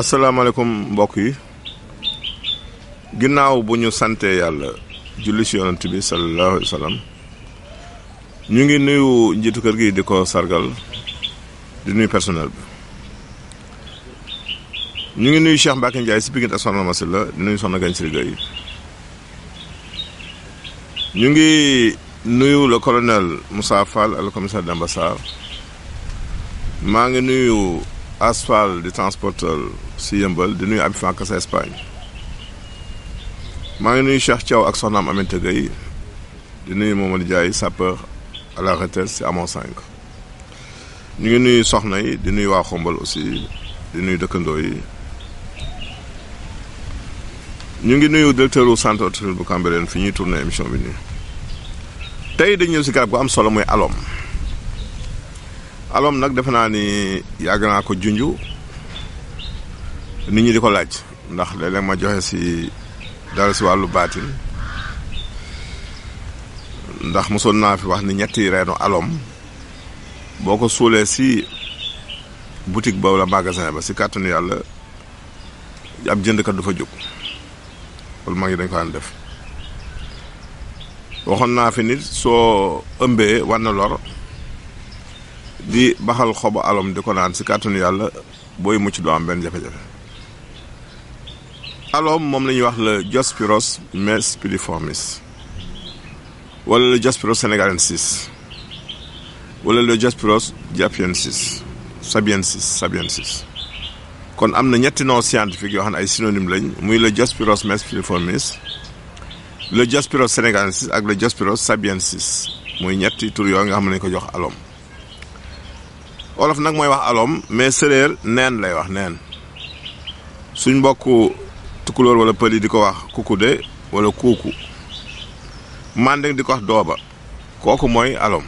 asalaamaaleykum mbokk yi ginnaaw bu ñu sante yàlla julli ci yonent bi sallallahu alayhi ñu ngi nuyu njiitu kër gi di ko sargal di nuyu personnel bi ñu ngi nuyu Cheikh Mbacke Ndiaye si Pikine ak Soxna Masila di nuyu Soxna Gagne Siriga yi ñu ngi nuyu le colonel Moussa Fall ak le commissaire maa ngi nuyu asphal di transporteur si yëmbal di nuyu Abi Fankasa Espagne maa ngi nuyu Cheikh Thiaw ak soxnaam Aminata Gueye di nuyu Mamadou jaay sapeur à la retraite si Amon cinq ñu ngi nuyu soxna yi di nuyu waa Xombal aussi di nuyu dëkkandoo yi ñu ngi nuyu directeur wu centre horticole bu Cambérène fi ñuy tourné émission bi nii tey dañu ñëw si garab gu am solo muy aloom alom nag defe naa ni yàgg naa ko junj ni ñu di ko laaj ndax léeg ma joxe si dara si wàllu baatin ndax mosoon naa fi wax ni ñetti reenu alom boo ko suulee si boutique ba wala magasin ba si kàttanu yàlla ab jëndkat du fa jóg loolu mag yi dañ ko def waxoon naa fi nit soo ëmbee war na lor. di baxal xobu aloom di ko naan si kàttanu yàlla booy mucc doo am benn jafe-jafe alom moom la ñuy wax le Diospyros mespiliformis walla le Diospyros senegalensis wala le Diospyros japiensis sabiensis sabiensis kon am na ñetti nom scientifique yoo xam ne ay synonyme lañ muy le Diospyros mespiliformis le Diospyros senegalensis ak le Diospyros sabiensis muy ñetti tur yoo nga xam ne ko jox aloom wolof nag mooy wax aloom mais séréer neen lay wax neen suñ mbokku tukulóor wala pël yi di ko wax kukude wala kuuku mandeng di ko wax dooba kooku mooy aloom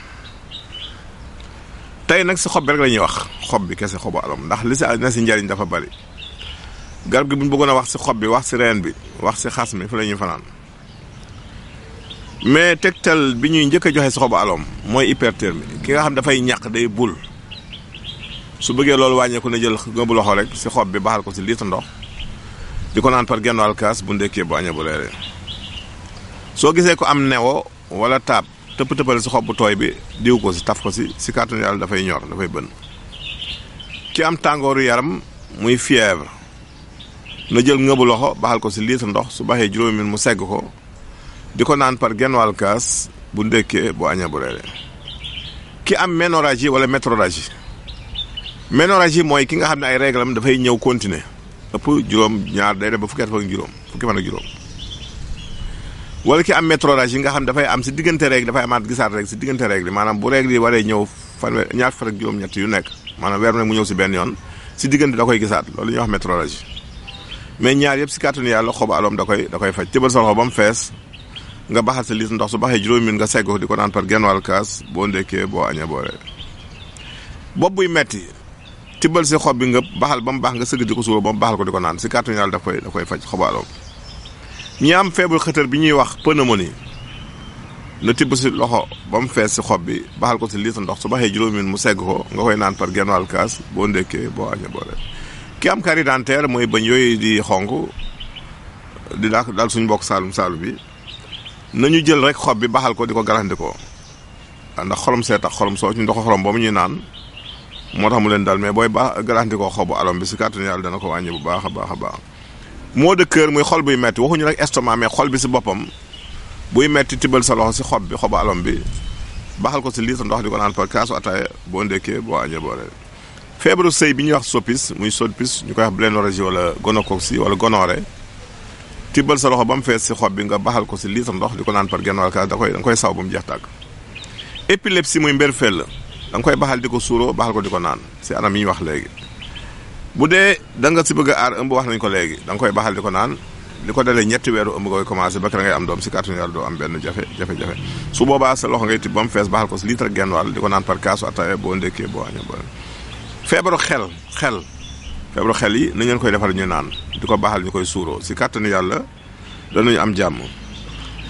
tey nag si xob bi rek la ñuy wax xob bi kese xobu aloom ndax li si na si njariñ dafa bari garab gi bu ñu bëggoon wax si xob bi wax si reen bi wax si xas mi fi la ñuy fanaan mais tegtal bi ñuy njëkk a joxe si xobu aloom mooy hyperthermie ki nga xam dafay ñàq day bul su bëggee loolu wàññeeku na jël ngëbu loxo rek si xob bi baxal ko si litre ndox di ko naan par genn wàll kaas bu ndekkee bu añee bu reeree soo gisee ko am newo wala taab tëpp tëppale si xob bu tooy bi diw si taf ko si si kàttanu yàlla dafay ñor dafay bënn ki am tàngooru yaram muy fièvre na jël ngëbu loxo ko si litre ndox su baxee juróomi mu segg ko di ko naan par genn wàll bu ndekkee bu bu reeree ki am ménorragie wala métrorragie ménorragie mooy ki nga xam ne ay règle am dafay ñëw continuer ëpp juróom ñaar day dem ba fukki at ak juróom fukki juróom wala ki am métrorragie yi nga xam dafay am si diggante règle dafay amaat gisaat règle si diggante règle maanaam bu règle yi waree ñëw fanweer ñaar fan ak juróom-ñett yu nekk maanaam weer nag mu ñëw si benn yoon si diggante da koy gisaat loolu ñuy wax métrorragie mais ñaar yëpp si kàttanu yàlla xob aloom da koy da faj tëbal sa loxo ba mu fees nga baxal sa liis ndox su baxee juróomi minute nga segg di ko naan par genn wàll kaas boo ndekkee boo añee boo reer bopp tibbal si xob bi nga baxal ba mu baax nga sëgg di ko suba ba mu baaxal ko di ko naan si kàttan yàlla daf koy daf koy faj xobaaloom ñi am feebu xëtër bi ñuy wax pneumonie na tibb si loxo ba mu fees si xob bi baxal ko si litre ndox su baxee juróomi mu segg ko nga koy naan par genn wàll kaas boo ndékkee boo añee boo reer ki am carie dentaire mooy bañ yooyu di xonk di daal daal suñu mbokk saalum saalum bi na ñu jël rek xob bi baxal ko di ko garandi ko ndax xorom see xorom soo ci ndox xorom ba ñuy naan moo tax mu leen daal mais booy baax garanti koo xobu alom bi si kàttanu yàlla dana ko wàññi bu baax a baax a baax moo de cœur muy xol buy metti waxuñu rek estomac mais xol bi si boppam buy metti tibbal sa loxo si xob bi xob alom bi baxal ko si litre ndox di ko naan par kaasu boo ndekkee boo añee boo reer feebaru sëy bi ñuy wax soppis muy soppis ñu koy wax blénorragie wala gonocoxie wala gonorrhée tibbal sa loxo ba mu fees si xob bi nga baxal ko si litre ndox di ko naan par genn wala kaas da koy da koy saw ba mu jeex tàgg épilepsie muy mbér la dang koy baxal diko suuro baxal ko diko naan si anam yi wax legi budé da nga si bëgg ar ëmb wax nañ ko legi dang koy baxal diko naan liko dalé ñett ñetti ëmb koy commencé am doom si carton yar do am benn jafe jafe jafe su boba sa loxo ngay tib bam fess baxal ko litre genn di naan par kaso atay bo ndéké bo aña bo feebaru xel xel feebaru xel yi nañ koy defal ñu naan di baxal ñukoy koy ci si yalla dañu am jamm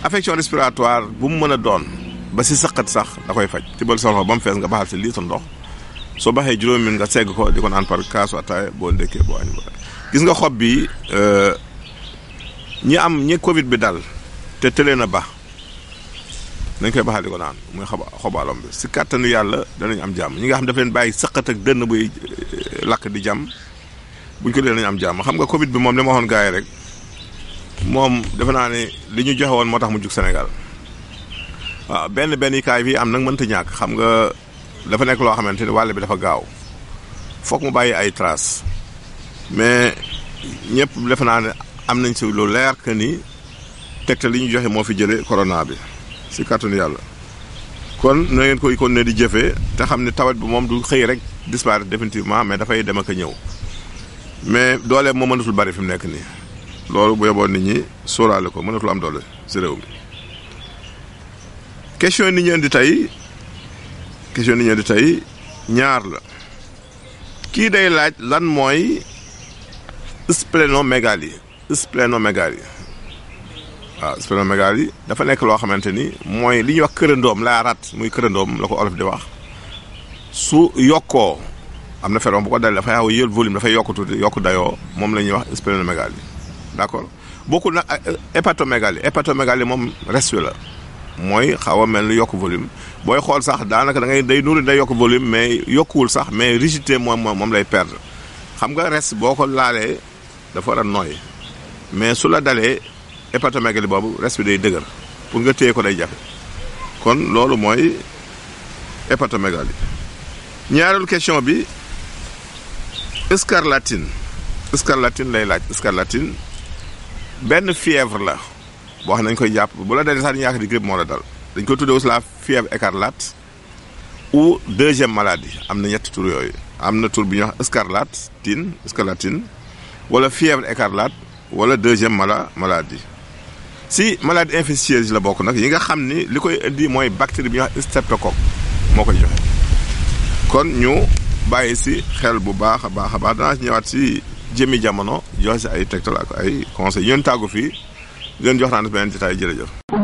affection respiratoire bu mu mën ba si saqat sax da koy faj ci tibbal solxo ba mu fees nga baxal si lii litre ndox soo baxee juróomi minute nga segg ko di ko naan par kaasu ataaya boo ndékkee boo añ gis nga xob bi euh, ñi am ñi Covid bi dal te tëlee na ba nañ koy baxal di ko naan muy xob xobaalom bi si kàttanu yàlla danañ am jàmm ñi nga xam dafa leen bàyyi saqat ak dënn buy euh, lakk di jàmm buñ ko dee danañ am jàmm xam nga Covid bi moom li ma waxoon gars rek moom defe naa ne li ñu joxewoon woon moo tax mu jug Sénégal. waaw benn benn kaay bii am nag mënta ñàkk xam nga dafa nekk loo xamante ni wàll bi dafa gaaw foog mu bàyyi ay traces mais ñëpp defe naa ne am nañ si lu leer que ni te li ñu joxe moo fi jële corona bi si kàttanu yàlla. kon na ngeen koy kon ne di jëfe te xam ne tawet bi moom du xëy rek disparaître définitivement mais dafay dem ak ñëw mais doole moo mënatul bari fi mu nekk nii loolu bu yoboon ni ñi sóoraale ko mënatul am doole si réew mi. question yi ñu indi tey ñaar la kii day laaj lan mooy splénomégalie splénomégalie waaw splénomégalie dafa nekk loo xamante ni mooy li ñuy wax kërandoom laa rat muy kërandoom la ko olof di wax su yokkoo am na feroom bu ko dalee dafay xaw a yël volume dafay yokk tuuti yokk dayoo moom la ñuy wax splénomégalie d'accord bokkul nag euh, hépatomégalie hépatomégalie moom restu la mooy xaw a mel ni yokk volume booy xool sax daanaka da ngay day nuru day yokk volume mais yokkuwul sax mais rigidité moom moom lay perdre xam nga res boo ko laalee dafa war a nooy mais su la dalee hépatomégalie boobu res bi day dëgër pour nga téye ko day jafe kon loolu mooy hépatomégalie ñaareelu question bi scarlatine scarlatine lay laaj scarlatine benn fièvre la boo xam ne dañ koy jàpp bu la dalee sax dañuy yaakaar ni grippe dañ koy tuddee aussi la fièvre écarlate ou deuxième maladie am na ñetti tur yooyu am na tur bi ñuy wax scarlatine scarlatine wala fièvre écarlate wala deuxième mala maladie si maladie infectieuse la bokk nag yi nga xam ni li koy indi mooy bactérie bi ñuy wax streptocoque moo koy joxe kon ñu bàyyi si xel bu baax a baax a baax danaa ñëwaat si jëmi jamono joxe si ay tegtal ak ay conseils ñun tàggu fii di leen jox naan beneen jotaay jërëjëf